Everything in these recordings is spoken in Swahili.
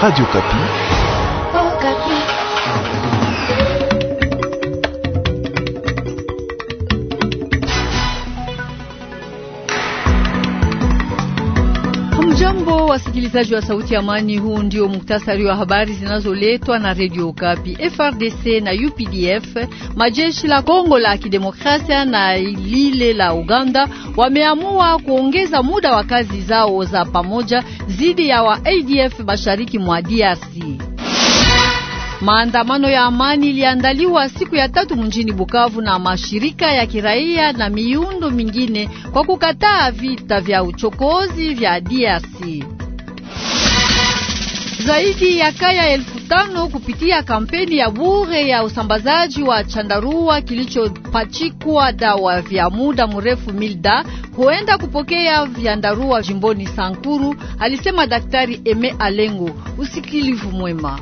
Radio Copy wasikilizaji wa Sauti ya Amani, huu ndio muktasari wa habari zinazoletwa na redio Kapi. FRDC na UPDF, majeshi la Kongo la Kidemokrasia na lile la Uganda wameamua kuongeza muda wa kazi zao za pamoja dhidi ya wa ADF mashariki mwa DRC. Maandamano ya amani iliandaliwa siku ya tatu mjini Bukavu na mashirika ya kiraia na miundo mingine kwa kukataa vita vya uchokozi vya DRC. Zaidi ya kaya elfu tano kupitia kampeni ya bure ya usambazaji wa chandarua kilichopachikwa dawa vya muda mrefu Milda huenda kupokea vyandarua jimboni Sankuru, alisema Daktari Eme Alengo. Usikilivu mwema.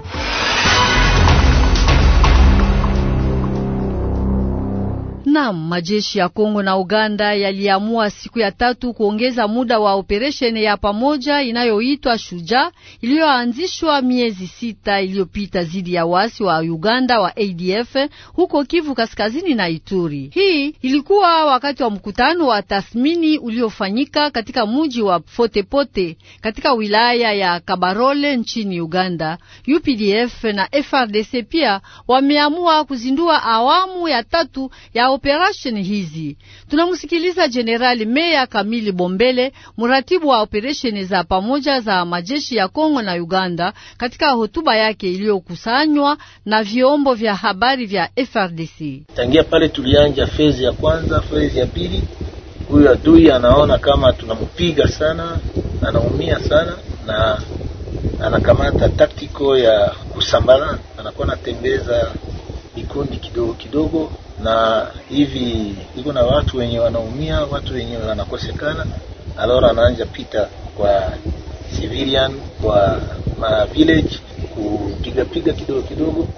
Naam, majeshi ya Kongo na Uganda yaliamua siku ya tatu kuongeza muda wa operesheni ya pamoja inayoitwa Shujaa iliyoanzishwa miezi sita iliyopita dhidi ya wasi wa Uganda wa ADF huko Kivu Kaskazini na Ituri. Hii ilikuwa wakati wa mkutano wa tathmini uliofanyika katika mji wa Fotepote katika wilaya ya Kabarole nchini Uganda. UPDF na FRDC pia wameamua kuzindua awamu ya tatu ya operesheni hizi. Tunamsikiliza Jenerali Meya Kamili Bombele, mratibu wa operesheni za pamoja za majeshi ya Kongo na Uganda, katika hotuba yake iliyokusanywa na vyombo vya habari vya FRDC. Tangia pale tulianja fezi ya kwanza, fezi ya pili, huyo adui anaona kama tunampiga sana, anaumia sana na anakamata taktiko ya kusambala, anakuwa anatembeza vikundi kidogo kidogo na hivi iko na watu wenye wanaumia, watu wenye wanakosekana, alora anaanja pita kwa civilian kwa ma village kupiga piga kidogo kidogo,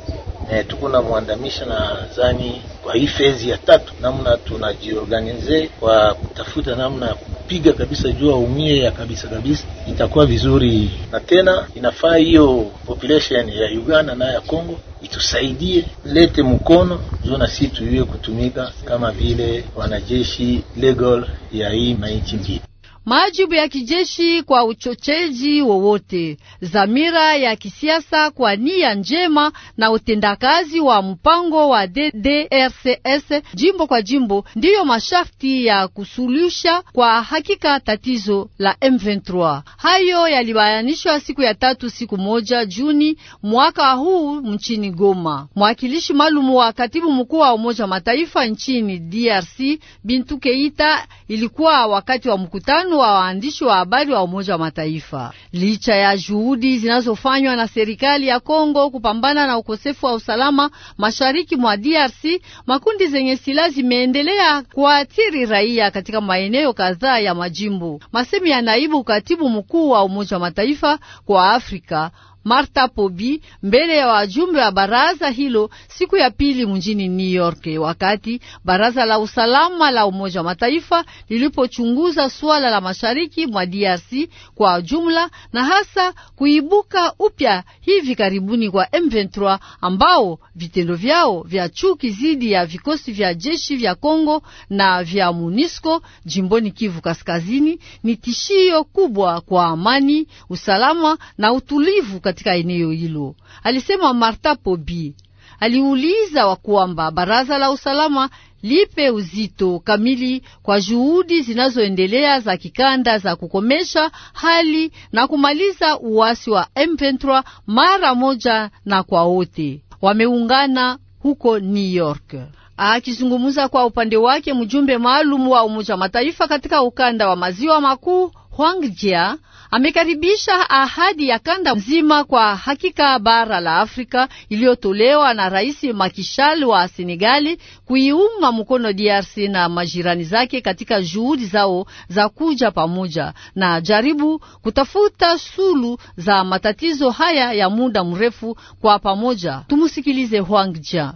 e, tuko na mwandamisha na zani kwa hii fezi ya tatu, namna tunajiorganize kwa kutafuta namna ya kupiga kabisa jua umie ya kabisa kabisa, itakuwa vizuri. Na tena inafaa hiyo population ya Uganda na ya Congo itusaidie lete mkono juu na si tuiwe kutumika kama vile wanajeshi legal ya hii maiti mbili majibu ya kijeshi kwa uchocheji wowote, zamira ya kisiasa kwa nia njema na utendakazi wa mpango wa DDRCS jimbo kwa jimbo, ndiyo masharti ya kusuluhisha kwa hakika tatizo la M23. Hayo yalibayanishwa siku ya tatu, siku moja Juni mwaka huu mchini Goma. Mwakilishi maalumu wa katibu mkuu wa Umoja Mataifa nchini DRC Bintu Keita ilikuwa wakati wa mkutano wa waandishi wa habari wa Umoja wa Mataifa. Licha ya juhudi zinazofanywa na serikali ya Kongo kupambana na ukosefu wa usalama mashariki mwa DRC, makundi zenye silaha zimeendelea kuathiri raia katika maeneo kadhaa ya majimbo. Masemi ya naibu katibu mkuu wa Umoja wa Mataifa kwa Afrika Martha Pobi mbele ya wajumbe wa baraza hilo siku ya pili mjini New York, wakati baraza la usalama la Umoja wa Mataifa lilipochunguza suala la mashariki mwa DRC kwa jumla na hasa kuibuka upya hivi karibuni kwa M23 ambao vitendo vyao vya chuki zidi ya vikosi vya jeshi vya Kongo na vya MONUSCO jimboni Kivu Kaskazini ni tishio kubwa kwa amani, usalama na utulivu katika eneo hilo, alisema Marta Pobi. Aliuliza wa kwamba baraza la usalama lipe uzito kamili kwa juhudi zinazoendelea za kikanda za kukomesha hali na kumaliza uasi wa M23 mara moja na kwa wote. Wameungana huko New York. Akizungumza kwa upande wake, mjumbe maalum wa Umoja Mataifa katika ukanda wa maziwa makuu Huang Jia amekaribisha ahadi ya kanda nzima kwa hakika bara la Afrika iliyotolewa na Rais makishal wa Senegali kuiunga mkono DRC na majirani zake katika juhudi zao za kuja pamoja na jaribu kutafuta sulu za matatizo haya ya muda mrefu kwa pamoja. Tumusikilize huangja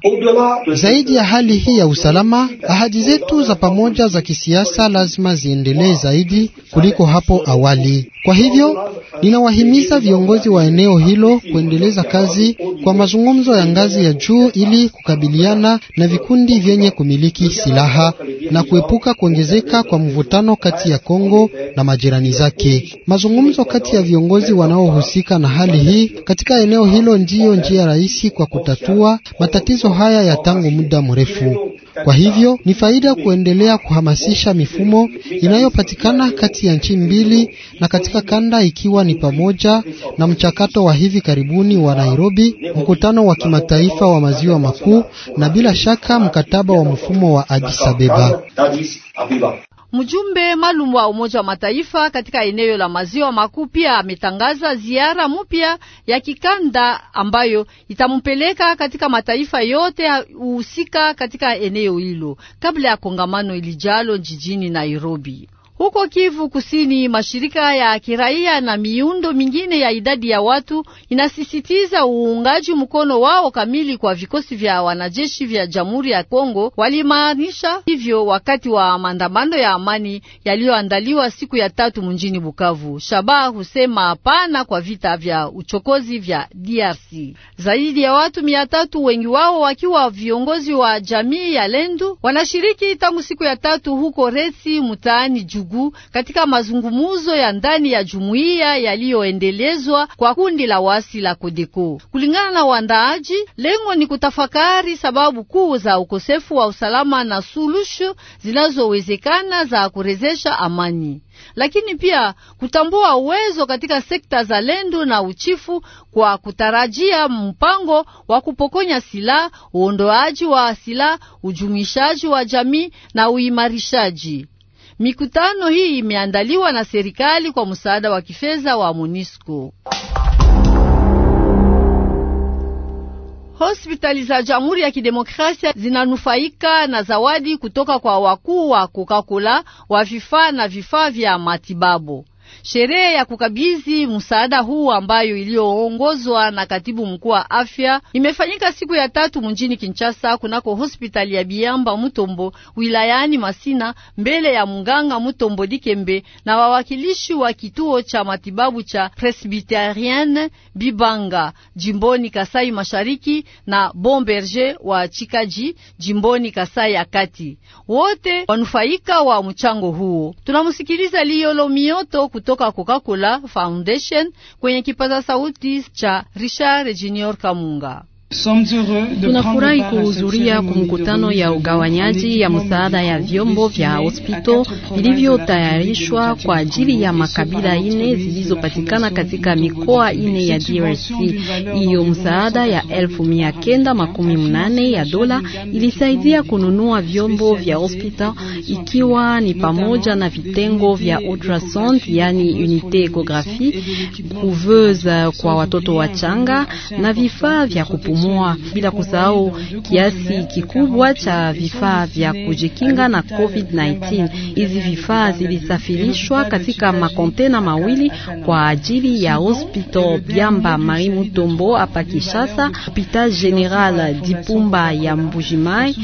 Zaidi ya hali hii ya usalama, ahadi zetu za pamoja za kisiasa lazima ziendelee zaidi kuliko hapo awali. Kwa hivyo ninawahimiza viongozi wa eneo hilo kuendeleza kazi kwa mazungumzo ya ngazi ya juu ili kukabiliana na vikundi vyenye kumiliki silaha na kuepuka kuongezeka kwa mvutano kati ya Kongo na majirani zake. Mazungumzo kati ya viongozi wanaohusika na hali hii katika eneo hilo ndiyo njia rahisi kwa kutatua matatizo haya ya tangu muda mrefu. Kwa hivyo ni faida kuendelea kuhamasisha mifumo inayopatikana kati ya nchi mbili na katika kanda, ikiwa ni pamoja na mchakato wa hivi karibuni wa Nairobi, mkutano wa kimataifa wa maziwa makuu na bila shaka mkataba wa mfumo wa Addis Ababa. Mjumbe maalum wa Umoja wa Mataifa katika eneo la maziwa makuu pia ametangaza ziara mpya ya kikanda ambayo itampeleka katika mataifa yote husika katika eneo hilo kabla ya kongamano ilijalo jijini Nairobi. Huko Kivu Kusini, mashirika ya kiraia na miundo mingine ya idadi ya watu inasisitiza uungaji mkono wao kamili kwa vikosi vya wanajeshi vya Jamhuri ya Kongo. Walimaanisha hivyo wakati wa maandamano ya amani yaliyoandaliwa siku ya tatu mjini Bukavu. Shabaha husema hapana kwa vita vya uchokozi vya DRC. Zaidi ya watu mia tatu, wengi wao wakiwa viongozi wa jamii ya Lendu, wanashiriki tangu siku ya tatu huko Resi mtaani Jugu ndugu katika mazungumuzo ya ndani ya jumuiya yaliyoendelezwa kwa kundi la wasi la Kodeko. Kulingana na waandaaji, lengo ni kutafakari sababu kuu za ukosefu wa usalama na suluhisho zinazowezekana za kurejesha amani lakini pia kutambua uwezo katika sekta za lendo na uchifu kwa kutarajia mpango wa kupokonya silaha, uondoaji wa silaha, ujumishaji wa jamii na uimarishaji. Mikutano hii imeandaliwa na serikali kwa msaada wa kifedha wa MONUSCO. Hospitali za Jamhuri ya Kidemokrasia zinanufaika na zawadi kutoka kwa wakuu wa Coca-Cola wa vifaa na vifaa vya matibabu. Sherehe ya kukabidhi msaada huu ambayo iliyoongozwa na katibu mkuu wa afya imefanyika siku ya tatu mjini Kinshasa, kunako hospitali ya Biamba Mutombo wilayani Masina, mbele ya mganga Mutombo Dikembe na wawakilishi wa kituo cha matibabu cha presbiteriene Bibanga jimboni Kasai Mashariki na Bomberger wa Chikaji jimboni Kasai ya Kati, wote wanufaika wa mchango huo. Tunamsikiliza Liolo Mioto kutoka Coca-Cola Foundation kwenye kipaza sauti cha Richard Junior Kamunga. Tunafurahi kuhudhuria kwa mkutano ya ugawanyaji ya msaada ya vyombo vya hospital vilivyotayarishwa kwa ajili ya makabila ine zilizopatikana katika mikoa ine ya DRC. Hiyo msaada ya elfu mia kenda makumi mnane ya dola ilisaidia kununua vyombo vya hospital ikiwa ni pamoja na vitengo vya ultrasound, yani unite ekografi, kuveza kwa watoto wachanga na vifaa vya kupumua kupumua, bila kusahau kiasi kikubwa cha vifaa vya kujikinga na COVID-19. Hizi vifaa zilisafirishwa katika makontena mawili kwa ajili ya hospital biamba Marimu mutombo hapa Kishasa, hopital general Dipumba ya Mbujimai,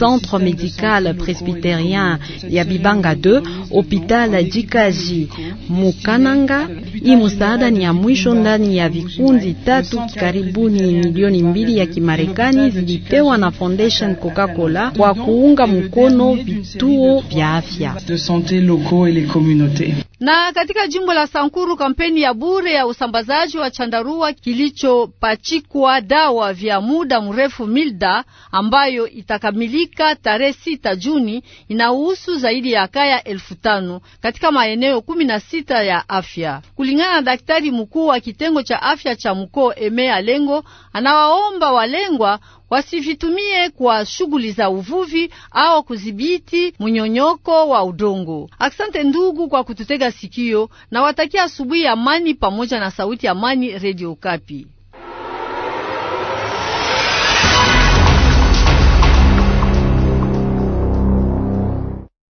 centre medical presbyterien ya Bibanga 2, hopital Jikaji Mukananga. Hii musaada ni ya mwisho ndani ya vikundi tatu, karibuni milioni mbili zaidi ya Kimarekani zilipewa na Foundation Coca-Cola kwa kuunga mkono vituo vya afya. Na katika jimbo la Sankuru kampeni ya bure ya usambazaji wa chandarua kilichopachikwa dawa vya muda mrefu Milda ambayo itakamilika tarehe sita Juni inahusu zaidi ya kaya elfu tano katika maeneo kumi na sita ya afya. Kulingana na daktari mkuu wa kitengo cha afya cha mkoa Emea Lengo, anawaomba walengwa wasivitumie kwa shughuli za uvuvi au kudhibiti mnyonyoko wa udongo. Asante ndugu kwa kututega sikio, na watakia asubuhi amani pamoja na sauti amani, Radio Kapi.